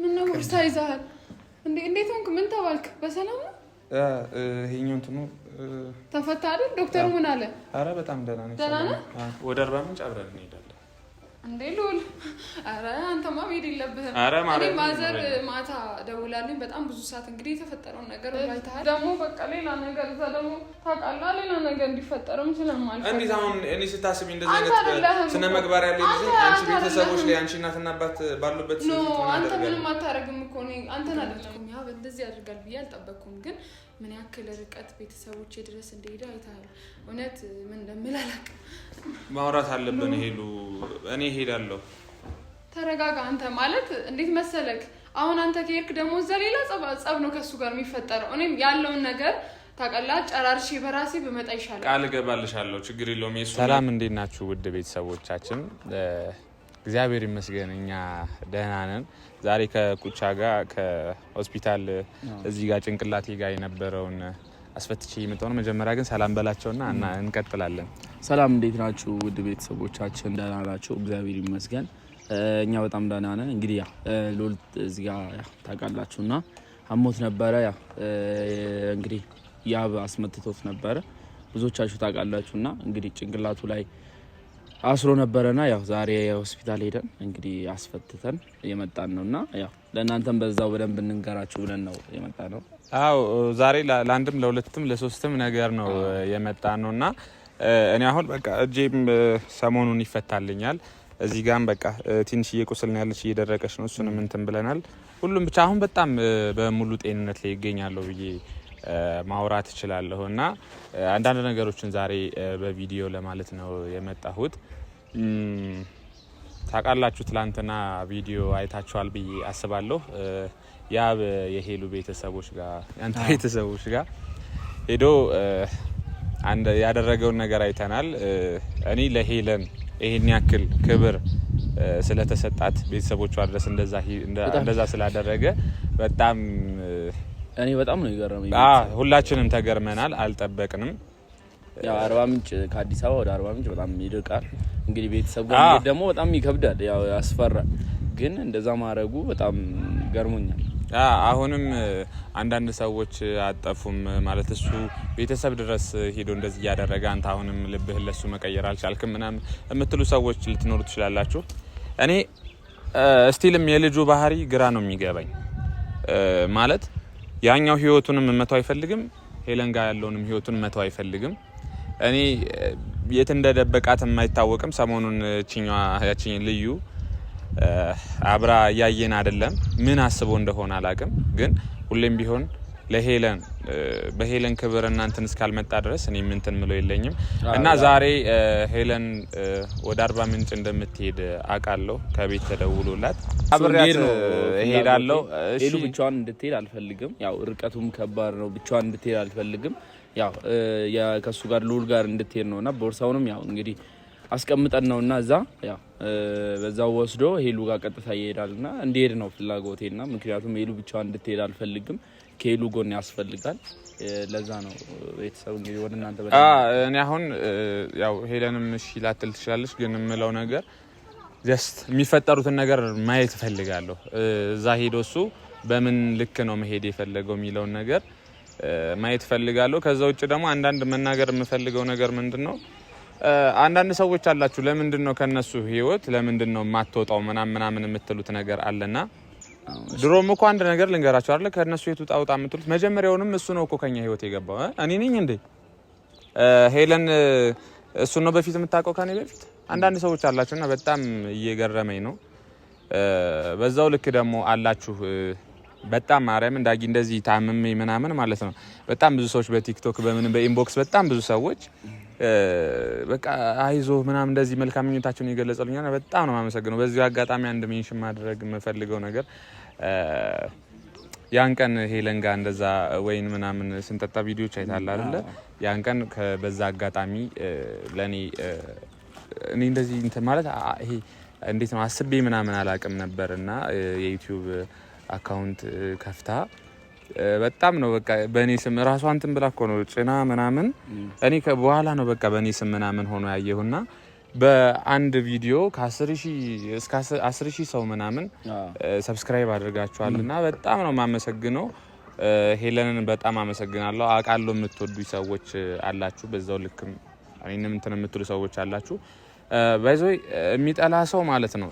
ምነው ቦርሳ ይዘሃል? እንዴት ሆንክ? ምን ተባልክ? በሰላም ነው? ይሄኛው እንትኑ ተፈታ አይደል? ዶክተሩ ምን አለ? አረ በጣም ደህና ነኝ። ደህና ነህ? ወደ አርባ ምንጭ አብረን እንሄዳለን እንዴ ሉል፣ አረ አንተማ መሄድ የለብህም። እኔ ማዘር ማታ ደውላልኝ በጣም ብዙ ሰዓት እንግዲህ የተፈጠረውን ነገር ባይተሃል። ደግሞ በቃ ሌላ ነገር እዛ ደግሞ ታውቃለህ፣ ሌላ ነገር እንዲፈጠርም ስለማልፈልግ እንዴት አሁን እኔ ስታስቢ እንደዚህ አይነት ስነ መግባር ያለ ጊዜ አንቺ ቤተሰቦች ላይ አንቺ እናትና አባት ባሉበት ኖ አንተ ምንም አታደርግም እኮ እኔ አንተን አደለም እንደዚህ ያደርጋል ብዬ አልጠበቅኩም ግን ምን ያክል ርቀት ቤተሰቦች ድረስ እንደሄደ አይተሃል። እውነት ምን እንደምል አላውቅም። ማውራት አለብን። ሄሉ እኔ ሄዳለሁ። ተረጋጋ አንተ። ማለት እንዴት መሰለክ፣ አሁን አንተ ከሄድክ ደግሞ እዛ ሌላ ጸብ ነው ከእሱ ጋር የሚፈጠረው። እኔም ያለውን ነገር ታቀላ ጨራርሼ በራሴ ብመጣ ይሻላል። ቃል እገባልሻለሁ። ችግር የለውም። ሰላም፣ እንዴት ናችሁ ውድ ቤተሰቦቻችን? እግዚአብሔር ይመስገን እኛ ደህና ነን። ዛሬ ከቁቻ ጋር ከሆስፒታል እዚህ ጋር ጭንቅላቴ ጋር የነበረውን አስፈትቼ የመጣው ነው። መጀመሪያ ግን ሰላም በላቸውና እና እንቀጥላለን። ሰላም እንዴት ናችሁ ውድ ቤተሰቦቻችን? ደህና ናቸው፣ እግዚአብሔር ይመስገን። እኛ በጣም ደህና ነን። እንግዲህ ያ ሎልት እዚህ ጋር ታውቃላችሁ እና አሞት ነበረ። ያ እንግዲህ ያብ አስመትቶት ነበረ ብዙዎቻችሁ ታውቃላችሁ እና እንግዲህ ጭንቅላቱ ላይ አስሮ ነበረና ያው ዛሬ ሆስፒታል ሄደን እንግዲህ አስፈትተን የመጣን ነው እና ያው ለእናንተም በዛው በደንብ እንንገራችሁ ብለን ነው የመጣ ነው። አዎ ዛሬ ለአንድም ለሁለትም ለሶስትም ነገር ነው የመጣ ነው እና እኔ አሁን በቃ እጄም ሰሞኑን ይፈታልኛል። እዚህ ጋም በቃ ትንሽ እየቁስል ነው ያለች እየደረቀች ነው። እሱንም እንትን ብለናል። ሁሉም ብቻ አሁን በጣም በሙሉ ጤንነት ላይ ይገኛለሁ ብዬ ማውራት እችላለሁ እና አንዳንድ ነገሮችን ዛሬ በቪዲዮ ለማለት ነው የመጣሁት። ታውቃላችሁ ትላንትና ቪዲዮ አይታችኋል ብዬ አስባለሁ። ያብ የሄሉ ቤተሰቦች ጋር ያንተ ቤተሰቦች ጋር ሄዶ ያደረገውን ነገር አይተናል። እኔ ለሄለን ይሄን ያክል ክብር ስለተሰጣት ቤተሰቦቿ ድረስ እንደዛ ስላደረገ በጣም እኔ በጣም ነው የገረመኝ። ሁላችንም ተገርመናል፣ አልጠበቅንም። ያው አርባ ምንጭ ከአዲስ አበባ ወደ አርባ ምንጭ በጣም ይርቃል። እንግዲህ ቤተሰብ ደግሞ በጣም ይከብዳል፣ ያው ያስፈራል። ግን እንደዛ ማድረጉ በጣም ገርሞኛል። አሁንም አንዳንድ ሰዎች አጠፉም ማለት እሱ ቤተሰብ ድረስ ሄዶ እንደዚህ እያደረገ አንተ አሁንም ልብህ ለሱ መቀየር አልቻልክም ምናምን የምትሉ ሰዎች ልትኖሩ ትችላላችሁ። እኔ ስቲልም የልጁ ባህሪ ግራ ነው የሚገባኝ ማለት ያኛው ህይወቱንም መተው አይፈልግም፣ ሄለን ጋር ያለውንም ህይወቱን መተው አይፈልግም። እኔ የት እንደደበቃት አይታወቅም። ሰሞኑን ችኛ ያችኝ ልዩ አብራ እያየን አይደለም። ምን አስቦ እንደሆነ አላቅም፣ ግን ሁሌም ቢሆን ለሄለን በሄለን ክብር እናንተን እስካልመጣ ድረስ እኔ ምንትን ምለው የለኝም እና ዛሬ ሄለን ወደ አርባ ምንጭ እንደምትሄድ አውቃለሁ። ከቤት ተደውሎላት አብሬያት እሄዳለሁ። ሄሉ ብቻዋን እንድትሄድ አልፈልግም። ያው ርቀቱም ከባድ ነው። ብቻዋን እንድትሄድ አልፈልግም። ያው ከሱ ጋር ልውል ጋር እንድትሄድ ነውና ቦርሳውንም ያው እንግዲህ አስቀምጠን ነውና እዛ ያው በዛው ወስዶ ሄሉ ጋር ቀጥታ ይሄዳልና እንዲሄድ ነው ፍላጎቴና ምክንያቱም ሄሉ ብቻዋን እንድትሄድ አልፈልግም። ከሄሉ ጎን ያስፈልጋል። ለዛ ነው ቤተሰብ እንግዲህ ወደ እናንተ እኔ አሁን ያው ሄለንም እሺ ላትል ትችላለች፣ ግን የምለው ነገር ጀስት የሚፈጠሩትን ነገር ማየት እፈልጋለሁ። እዛ ሄዶ እሱ በምን ልክ ነው መሄድ የፈለገው የሚለውን ነገር ማየት እፈልጋለሁ። ከዛ ውጭ ደግሞ አንዳንድ መናገር የምፈልገው ነገር ምንድን ነው አንዳንድ ሰዎች አላችሁ፣ ለምንድን ነው ከነሱ ህይወት ለምንድን ነው የማትወጣው ምናምን ምናምን የምትሉት ነገር አለና ድሮም እኮ አንድ ነገር ልንገራቸው አለ ከእነሱ የት ውጣ ውጣ የምትሉት መጀመሪያውንም እሱ ነው እኮ ከኛ ህይወት የገባው እኔ ነኝ እንዴ ሄለን እሱ ነው በፊት የምታውቀው ከኔ በፊት አንዳንድ ሰዎች አላችሁና በጣም እየገረመኝ ነው በዛው ልክ ደግሞ አላችሁ በጣም ማርያም እንዳጊ እንደዚህ ታምሜ ምናምን ማለት ነው በጣም ብዙ ሰዎች በቲክቶክ በምን በኢንቦክስ በጣም ብዙ ሰዎች በቃ አይዞ ምናምን እንደዚህ መልካም ምኞታቸውን በጣም ነው የማመሰግነው። በዚሁ አጋጣሚ አንድ ሜንሽን ማድረግ የምፈልገው ነገር ያን ቀን ሄለን ጋር እንደዛ ወይን ምናምን ስንጠጣ ቪዲዮዎች አይታል አይደለ? ያን ቀን በዛ አጋጣሚ ለእኔ እኔ እንደዚህ እንትን ማለት ይሄ እንዴት ነው አስቤ ምናምን አላቅም ነበር እና የዩቲዩብ አካውንት ከፍታ በጣም ነው በቃ በእኔ ስም ራሷ እንትን ብላ እኮ ነው ጭና ምናምን እኔ በኋላ ነው በቃ በእኔ ስም ምናምን ሆኖ ያየሁና በአንድ ቪዲዮ እስከ ሺህ ሰው ምናምን ሰብስክራይብ አድርጋችኋል እና በጣም ነው የማመሰግነው። ሄለንን በጣም አመሰግናለሁ። አውቃለሁ የምትወዱ ሰዎች አላችሁ፣ በዛው ልክም እኔንም እንትን የምትሉ ሰዎች አላችሁ። ባይዞ የሚጠላ ሰው ማለት ነው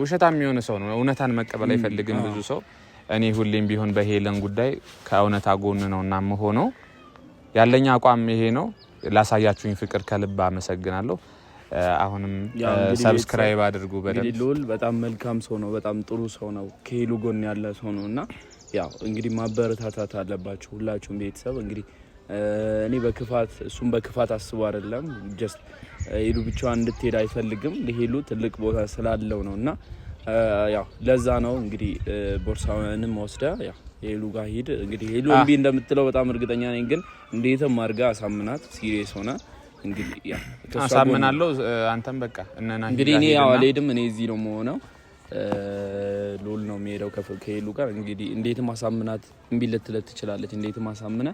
ውሸታም የሆነ ሰው ነው። እውነታን መቀበል አይፈልግም ብዙ ሰው። እኔ ሁሌም ቢሆን በሄለን ጉዳይ ከእውነታ ጎን ነው እና የምሆነው። ያለኝ አቋም ይሄ ነው። ላሳያችሁኝ ፍቅር ከልብ አመሰግናለሁ። አሁንም ሰብስክራይብ አድርጉ። ሉል በጣም መልካም ሰው ነው። በጣም ጥሩ ሰው ነው። ከሄሉ ጎን ያለ ሰው ነው እና ያው እንግዲህ ማበረታታት አለባችሁ ሁላችሁም ቤተሰብ እንግዲህ እኔ በክፋት እሱም በክፋት አስቡ አይደለም። ጀስት ሄሉ ብቻዋን እንድትሄድ አይፈልግም። ለሄሉ ትልቅ ቦታ ስላለው ነው እና ያው ለዛ ነው እንግዲህ ቦርሳንም ወስደ ሄሉ ጋር ሂድ። እንግዲህ ሄሉ እምቢ እንደምትለው በጣም እርግጠኛ ነኝ፣ ግን እንዴትም አድርጋ አሳምናት። ሲሪየስ ሆነ አሳምናለሁ። አንተም በቃ እነና እንግዲህ እኔ ያው አልሄድም። እኔ እዚህ ነው የምሆነው። ሎል ነው የሚሄደው ከሄሉ ጋር። እንግዲህ እንዴት ማሳምናት? እምቢ ልትለት ትችላለች። እንዴት ማሳምነ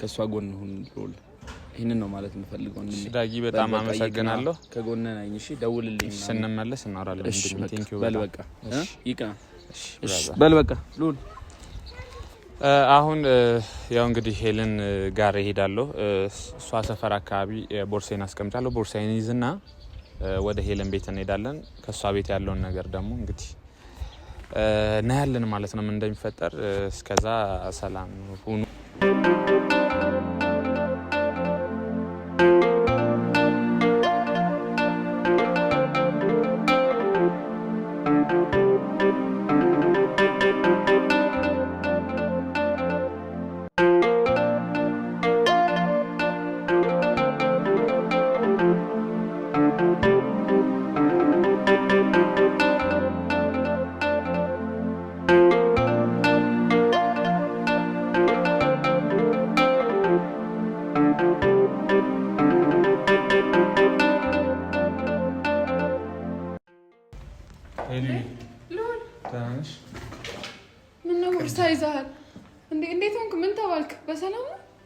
ከእሷ ጎን ሁን ሎል። ይህንን ነው ማለት የምፈልገው። ዳጊ በጣም አመሰግናለሁ። ከጎነ ነኝ። እሺ፣ ደውልልኝ። ስንመለስ እናወራለን። በል በቃ ሉል አሁን ያው እንግዲህ ሄለን ጋር እሄዳለሁ። እሷ ሰፈር አካባቢ ቦርሳዬን አስቀምጫለሁ። ቦርሳዬን ይዝና ወደ ሄለን ቤት እንሄዳለን። ከእሷ ቤት ያለውን ነገር ደግሞ እንግዲህ እናያለን ማለት ነው ምን እንደሚፈጠር። እስከዛ ሰላም ሁኑ።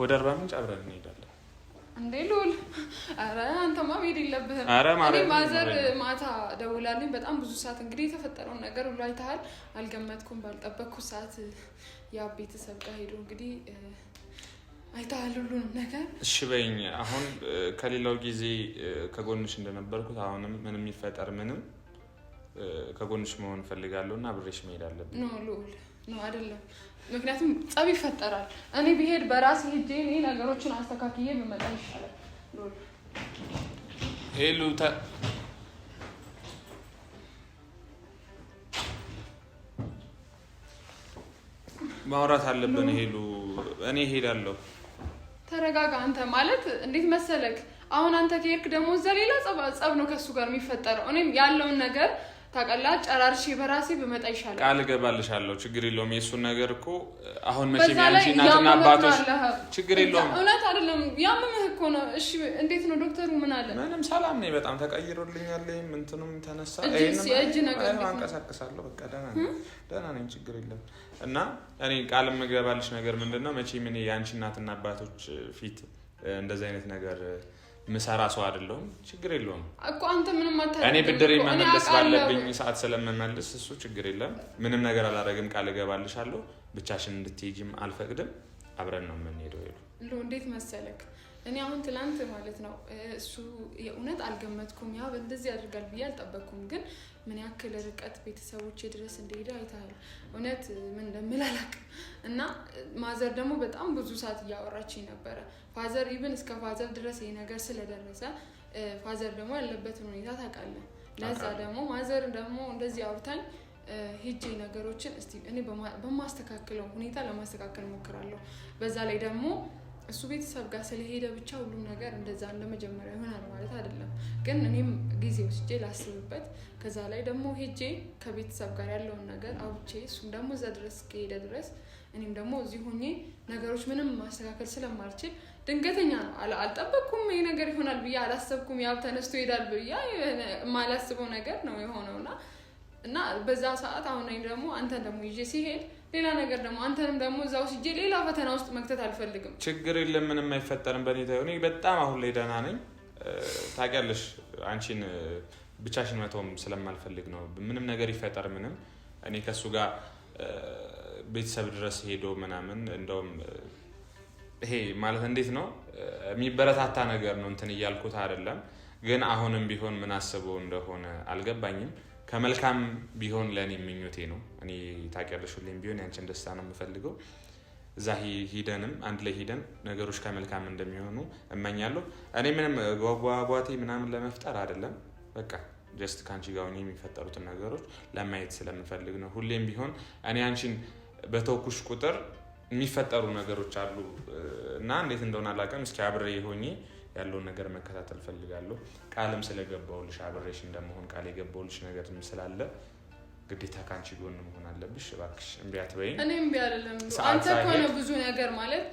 ወደ አርባ ምንጭ አብረን እንሄዳለን። እንዴ ሉል፣ አረ አንተማ መሄድ የለብህም። እኔ ማዘር ማታ ደውላልኝ በጣም ብዙ ሰዓት። እንግዲህ የተፈጠረውን ነገር ሁሉ አይተሃል። አልገመትኩም፣ ባልጠበቅኩ ሰዓት ያ ቤተሰብ ጋር ሄዶ እንግዲህ አይተሃል ሁሉንም ነገር። እሺ በይኝ። አሁን ከሌላው ጊዜ ከጎንሽ እንደነበርኩት አሁንም ምንም ይፈጠር ምንም ከጎንሽ መሆን እፈልጋለሁ እና አብሬሽ መሄድ አለብኝ። ኖ ሉል፣ ኖ አይደለም ምክንያቱም ጸብ ይፈጠራል። እኔ ብሄድ በራሴ ሄጄ እኔ ነገሮችን አስተካክዬ ብመጣ ይሻላል። ማውራት አለብን። ሄሉ እኔ ሄዳለሁ። ተረጋጋ አንተ። ማለት እንዴት መሰለክ አሁን አንተ ከሄድክ ደግሞ እዛ ሌላ ጸብ ነው ከሱ ጋር የሚፈጠረው። እኔም ያለውን ነገር ታውቃለህ ጨራርሼ በራሴ ብመጣ ይሻላል። ቃል እገባልሻለሁ። ችግር የለውም። የእሱን ነገር እኮ አሁን መቼም ያንቺ እናትና አባቶች ችግር የለውም። እውነት አይደለም። ያመመህ እኮ ነው። እሺ፣ እንዴት ነው ዶክተሩ? ምን አለ? ምንም ሰላም ነኝ። በጣም ተቀይሮልኛል። እንትኑም ተነሳ። እጅ ነገር አንቀሳቀሳለሁ። በቃ ደህና ነኝ፣ ደህና ነኝ። ችግር የለም። እና እኔ ቃል የምገባልሽ ነገር ምንድን ነው መቼም እኔ የአንቺ እናትና አባቶች ፊት እንደዚህ አይነት ነገር ምሰራ ሰው አይደለሁም። ችግር የለውም እኮ አንተ ምንም አታደርግም። እኔ ብድሬ መመለስ ባለብኝ ሰዓት ስለምመልስ እሱ ችግር የለም። ምንም ነገር አላደርግም። ቃል እገባልሻለሁ። ብቻሽን እንድትሄጂም አልፈቅድም። አብረን ነው የምንሄደው። ይሉ እንዴት መሰለክ እኔ አሁን ትላንት ማለት ነው እሱ የእውነት አልገመትኩም። ያ እንደዚህ ያደርጋል ብዬ አልጠበቅኩም። ግን ምን ያክል ርቀት ቤተሰቦቼ ድረስ እንደሄደ አይተሃል። እውነት ምን እንደምል አላውቅም። እና ማዘር ደግሞ በጣም ብዙ ሰዓት እያወራች ነበረ። ፋዘር ይብን እስከ ፋዘር ድረስ ይሄ ነገር ስለደረሰ ፋዘር ደግሞ ያለበትን ሁኔታ ታውቃለህ። ለዛ ደግሞ ማዘር ደግሞ እንደዚህ አውርታኝ ሄጄ ነገሮችን እኔ በማስተካከለው ሁኔታ ለማስተካከል ሞክራለሁ። በዛ ላይ ደግሞ እሱ ቤተሰብ ጋር ስለሄደ ብቻ ሁሉም ነገር እንደዛ እንደመጀመሪያ ይሆናል ማለት አይደለም። ግን እኔም ጊዜ ወስጄ ላስብበት፣ ከዛ ላይ ደግሞ ሄጄ ከቤተሰብ ጋር ያለውን ነገር አውቼ እሱም ደግሞ እዛ ድረስ ከሄደ ድረስ እኔም ደግሞ እዚህ ሆኜ ነገሮች ምንም ማስተካከል ስለማልችል ድንገተኛ ነው። አልጠበቅኩም፣ ይህ ነገር ይሆናል ብዬ አላሰብኩም። ያው ተነስቶ ይሄዳል ብዬ የማላስበው ነገር ነው የሆነውና እና በዛ ሰዓት አሁን ደግሞ አንተን ደግሞ ይዤ ሲሄድ ሌላ ነገር ደግሞ አንተንም ደግሞ እዛ ውስጄ ሌላ ፈተና ውስጥ መክተት አልፈልግም። ችግር የለም ምንም አይፈጠርም። በእኔ ታሆነ በጣም አሁን ላይ ደህና ነኝ። ታውቂያለሽ አንቺን ብቻሽን መተውም ስለማልፈልግ ነው። ምንም ነገር ይፈጠር ምንም እኔ ከእሱ ጋር ቤተሰብ ድረስ ሄዶ ምናምን እንደውም ይሄ ማለት እንዴት ነው የሚበረታታ ነገር ነው እንትን እያልኩት አይደለም፣ ግን አሁንም ቢሆን ምን አስበው እንደሆነ አልገባኝም። ከመልካም ቢሆን ለእኔ ምኞቴ ነው። እኔ ታውቂያለሽ፣ ሁሌም ቢሆን ያንችን ደስታ ነው የምፈልገው። እዛ ሂደንም አንድ ላይ ሂደን ነገሮች ከመልካም እንደሚሆኑ እመኛለሁ። እኔ ምንም ጓጓቴ ምናምን ለመፍጠር አይደለም፣ በቃ ጀስት ከአንቺ ጋር ሆኜ የሚፈጠሩትን ነገሮች ለማየት ስለምፈልግ ነው። ሁሌም ቢሆን እኔ አንቺን በተውኩሽ ቁጥር የሚፈጠሩ ነገሮች አሉ እና እንዴት እንደሆነ አላውቅም። እስኪ አብሬ ሆኜ ያለውን ነገር መከታተል ፈልጋለሁ። ቃልም ስለገባውልሽ አብሬሽ እንደመሆን ቃል የገባውልሽ ነገር ስላለ ግዴታ ከአንቺ ጎን መሆን አለብሽ። እባክሽ እምቢ አትበይኝ። እኔ እምቢ አይደለም አንተ ከሆነ ብዙ ነገር ማለት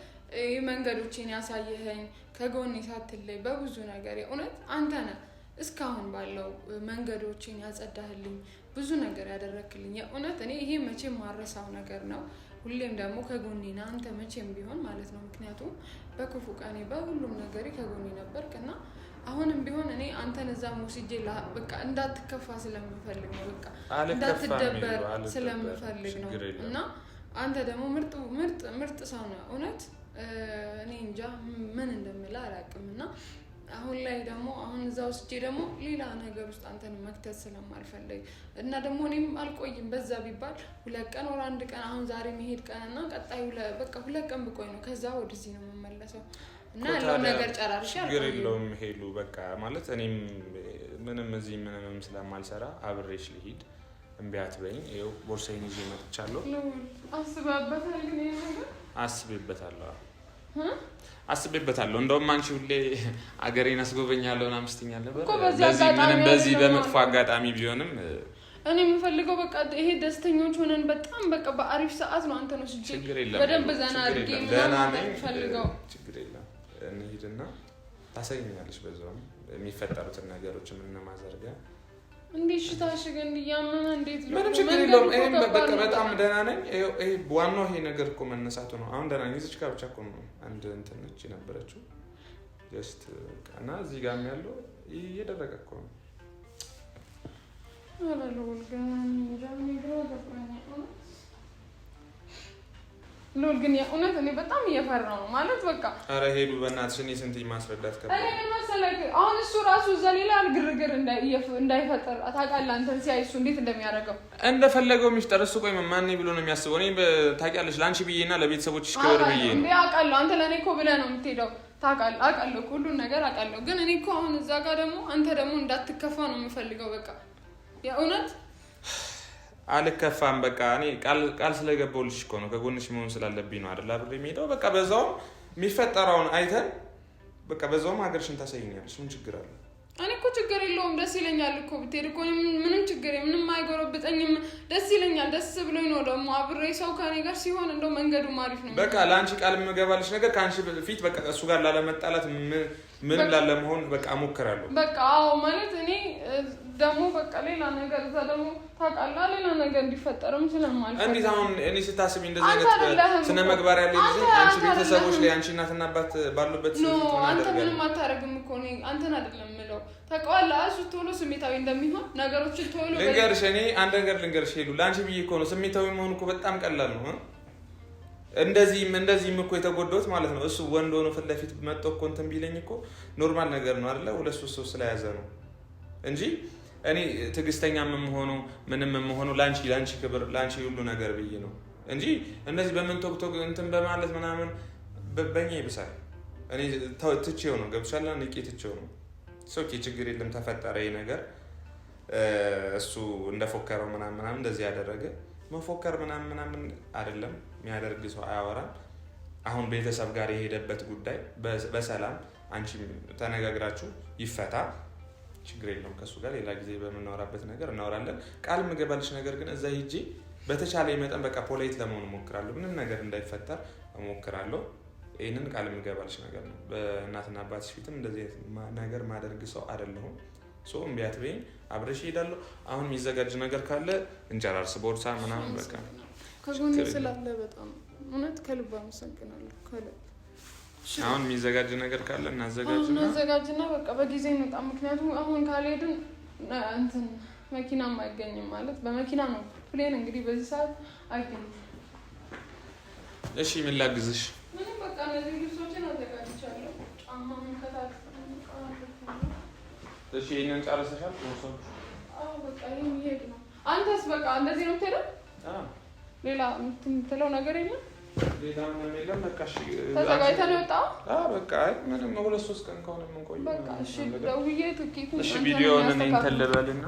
ይህ መንገዶችን ያሳየኸኝ ከጎን ሳትለይ በብዙ ነገር የእውነት አንተ ነህ እስካሁን ባለው መንገዶችን ያጸዳህልኝ፣ ብዙ ነገር ያደረክልኝ። የእውነት እኔ ይሄ መቼ ማረሳው ነገር ነው። ሁሌም ደግሞ ከጎኔና አንተ መቼም ቢሆን ማለት ነው። ምክንያቱም በክፉ ቀኔ በሁሉም ነገሬ ከጎኔ ነበርክ እና አሁንም ቢሆን እኔ አንተን እዛ ሞስጄ በቃ እንዳትከፋ ስለምፈልግ ነው። በቃ እንዳትደበር ስለምፈልግ ነው። እና አንተ ደግሞ ምርጥ ምርጥ ምርጥ ሰው ነው። እውነት እኔ እንጃ ምን እንደምልህ አላውቅም እና አሁን ላይ ደግሞ አሁን እዛ ውስጄ ደግሞ ሌላ ነገር ውስጥ አንተን መክተት ስለማልፈልግ እና ደግሞ እኔም አልቆይም። በዛ ቢባል ሁለት ቀን ወር አንድ ቀን አሁን ዛሬ መሄድ ቀን እና ቀጣይ በቃ ሁለት ቀን ብቆይ ነው ከዛ ወደዚህ ነው የምመለሰው እና ያለው ነገር ጨራርሽ ችግር የለውም ሄሉ። በቃ ማለት እኔም ምንም እዚህ ምንምም ስለማልሰራ አብሬሽ ልሂድ እንቢያት በኝ ይኸው ቦርሳዬን ይዤ መጥቻለሁ። አስባበታል ግን ነገር አስቤበታለሁ አስቤበታለሁ። እንደውም አንቺ ሁሌ አገሬን አስጎበኛለሁ ምናምን ስትይኛል ነበር። በዚህ በመጥፎ አጋጣሚ ቢሆንም እኔ የምፈልገው በቃ ይሄ ደስተኞች ሆነን በጣም በቃ በአሪፍ ሰዓት ነው። አንተ ነው ስጅ በደንብ ዘና አድርጌ ፈልገው ችግር የለም እንሂድና ታሳይኛለች። በዛውም የሚፈጠሩትን ነገሮች የምንማዘርጋ እንዴት ሽታ ሽገን እያመመ እንዴት ምንም ችግር የለውም። ይሄም በቃ በጣም ደህና ነኝ። ይሄ ዋናው ይሄ ነገር እኮ መነሳቱ ነው። አሁን ደህና ነኝ። እዚች ጋር ብቻ እኮ ነው አንድ እንትን ነች የነበረችው ጀስት እና እዚህ ጋርም ያለው እየደረቀ እኮ ነው። አላለውን ገና ሚራ ሚግራ ሉል ግን የእውነት እኔ በጣም እየፈራ ነው ማለት በቃ ኧረ ሄዱ በእናትሽ እኔ ስንት ማስረዳት ከ እኔ ምን መሰለህ አሁን እሱ ራሱ እዛ ሌላ ግርግር እንዳይፈጠር ታውቃለህ አንተን ሲያይ እሱ እንዴት እንደሚያደርገው እንደፈለገው የሚፍጠር እሱ ቆይ ማን ብሎ ነው የሚያስበው እኔ ታውቂያለሽ ለአንቺ ብዬ እና ለቤተሰቦችሽ ክብር ብዬ ነው አውቃለሁ አንተ ለእኔ እኮ ብለህ ነው የምትሄደው ታውቃለህ አውቃለሁ ሁሉን ነገር አውቃለሁ ግን እኔ እኮ አሁን እዛ ጋር ደግሞ አንተ ደግሞ እንዳትከፋ ነው የምፈልገው በቃ የእውነት አልከፋም። በቃ እኔ ቃል ስለገባሁልሽ እኮ ነው ከጎንሽ መሆን ስላለብኝ ነው አይደል? አብሬ የሚሄደው በቃ በዛውም የሚፈጠረውን አይተን በቃ በዛውም ሀገርሽን ታሳይኛለሽ። ምን ችግር አለ? እኔ እኮ ችግር የለውም። ደስ ይለኛል እኮ ብትሄድ እኮ ምንም ችግር ምንም አይጎረብጠኝም። ደስ ይለኛል። ደስ ብሎኝ ነው ደግሞ አብሬ ሰው ከኔ ጋር ሲሆን እንደው መንገዱ አሪፍ ነው። በቃ ለአንቺ ቃል የምገባልሽ ነገር ከአንቺ ፊት በቃ እሱ ጋር ላለመጣላት ምንም ላለመሆን በቃ እሞክራለሁ። በቃ አዎ ማለት እኔ ደግሞ በቃ ሌላ ነገር እዛ ደግሞ ታውቃለህ፣ ሌላ ነገር እንዲፈጠርም ስለማል እንዴት አሁን እኔ ስታስብ እንደዚህ አይነት ስነ መግባር ያለ ጊዜ አንቺ ቤተሰቦች ላይ አንቺ እናት እና አባት ባሉበት አንተ ምንም አታደርግም እኮ እኔ አንተን አይደለም ምለው ታውቀዋለህ። እሱ ቶሎ ስሜታዊ እንደሚሆን ነገሮችን ቶሎ ልንገርሽ፣ እኔ አንድ ነገር ልንገርሽ ሄሉ፣ ለአንቺ ብዬ እኮ ነው። ስሜታዊ መሆን እኮ በጣም ቀላል ነው። እንደዚህም እንደዚህም እኮ የተጎዳሁት ማለት ነው። እሱ ወንድ ሆኖ ፊት ለፊት መጥቶ እኮ እንትን ቢለኝ እኮ ኖርማል ነገር ነው አይደለ? ሁለት ሶስት ሰው ስለያዘ ነው እንጂ እኔ ትዕግስተኛ የምሆኑ ምንም የምሆኑ ላንቺ ላንቺ ክብር ላንቺ ሁሉ ነገር ብዬ ነው እንጂ እነዚህ በምን ቶክቶክ እንትን በማለት ምናምን በኛ ይብሳል። እኔ ትቼው ነው ገብቻለ ንቄ ትቼው ነው ሶኬ ችግር የለም ተፈጠረ ነገር እሱ እንደፎከረው ምናምን ምናምን እንደዚህ ያደረገ መፎከር ምናምን ምናምን አይደለም የሚያደርግ ሰው አያወራም። አሁን ቤተሰብ ጋር የሄደበት ጉዳይ በሰላም አንቺ ተነጋግራችሁ ይፈታ ችግር የለውም። ከእሱ ጋር ሌላ ጊዜ በምናወራበት ነገር እናወራለን። ቃል የምገባልሽ ነገር ግን እዛ ሂጄ በተቻለ መጠን በቃ ፖላይት ለመሆን እሞክራለሁ። ምንም ነገር እንዳይፈጠር እሞክራለሁ። ይህንን ቃል የምገባልሽ ነገር ነው። በእናትና አባትሽ ፊትም እንደዚህ ነገር ማደርግ ሰው አይደለሁም። ሶ እምቢያት በይኝ፣ አብረሽ እሄዳለሁ። አሁን የሚዘጋጅ ነገር ካለ እንጨራርስ፣ ቦርሳ ምናምን በቃ ከጎን ስላለ በጣም እውነት ከልብ አመሰግናለሁ ከልብ አሁን የሚዘጋጅ ነገር ካለ እናዘጋጅ እናዘጋጅና በቃ በጊዜ እንውጣ። ምክንያቱም አሁን ካልሄድን እንትን መኪናም አይገኝም ማለት በመኪና ነው። ፕሌን እንግዲህ በዚህ ሰዓት አይገኝም። እሺ፣ ምን ላግዝሽ? ምንም በቃ እነዚህ ልብሶችን አዘጋጅቻለሁ። ጫማ ምንከታት እሺ፣ ይህንን ጨርሰሻል? ይሄድ ነው። አንተስ በቃ እንደዚህ ነው የምትሄደው? ሌላ የምትለው ነገር የለም ሌላ ምንም የለም። በቃ እሺ፣ ተዘጋጅተን ወጣ። በቃ ምንም ሁለት ሶስት ቀን ከሆነ የምንቆይ በቃ እሺ። ደውዬ ትኬቱን እሺ፣ ቪዲዮውን እኔ እንትን ልበልና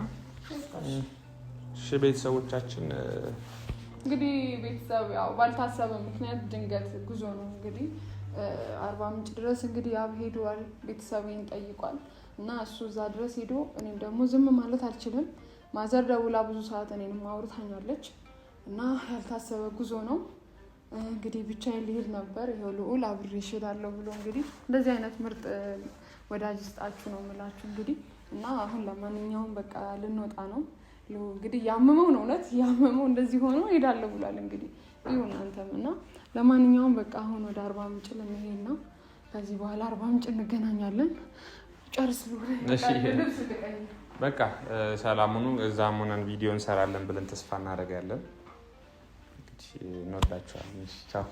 እሺ። ቤተሰቦቻችን እንግዲህ ቤተሰብ ያው ባልታሰበ ምክንያት ድንገት ጉዞ ነው እንግዲህ አርባ ምንጭ ድረስ እንግዲህ አብ ሄደዋል። ቤተሰብን ጠይቋል እና እሱ እዛ ድረስ ሄዶ እኔም ደግሞ ዝም ማለት አልችልም። ማዘር ደውላ ብዙ ሰዓት እኔንም አውርታኛለች እና ያልታሰበ ጉዞ ነው። እንግዲህ ብቻ ልሄድ ነበር። ይኸው ልዑል አብሬሽ እሄዳለሁ ብሎ እንግዲህ እንደዚህ አይነት ምርጥ ወዳጅ ስጣችሁ ነው የምላችሁ። እንግዲህ እና አሁን ለማንኛውም በቃ ልንወጣ ነው። እንግዲህ ያመመው ነው እውነት ያመመው እንደዚህ ሆኖ እሄዳለሁ ብሏል። እንግዲህ ይሁን አንተም እና ለማንኛውም በቃ አሁን ወደ አርባ ምንጭ ልንሄድ ነው። ከዚህ በኋላ አርባ ምንጭ እንገናኛለን። ጨርስ በቃ ሰላሙኑ እዛ ሙነን ቪዲዮ እንሰራለን ብለን ተስፋ እናደርጋለን። not that one. Ciao.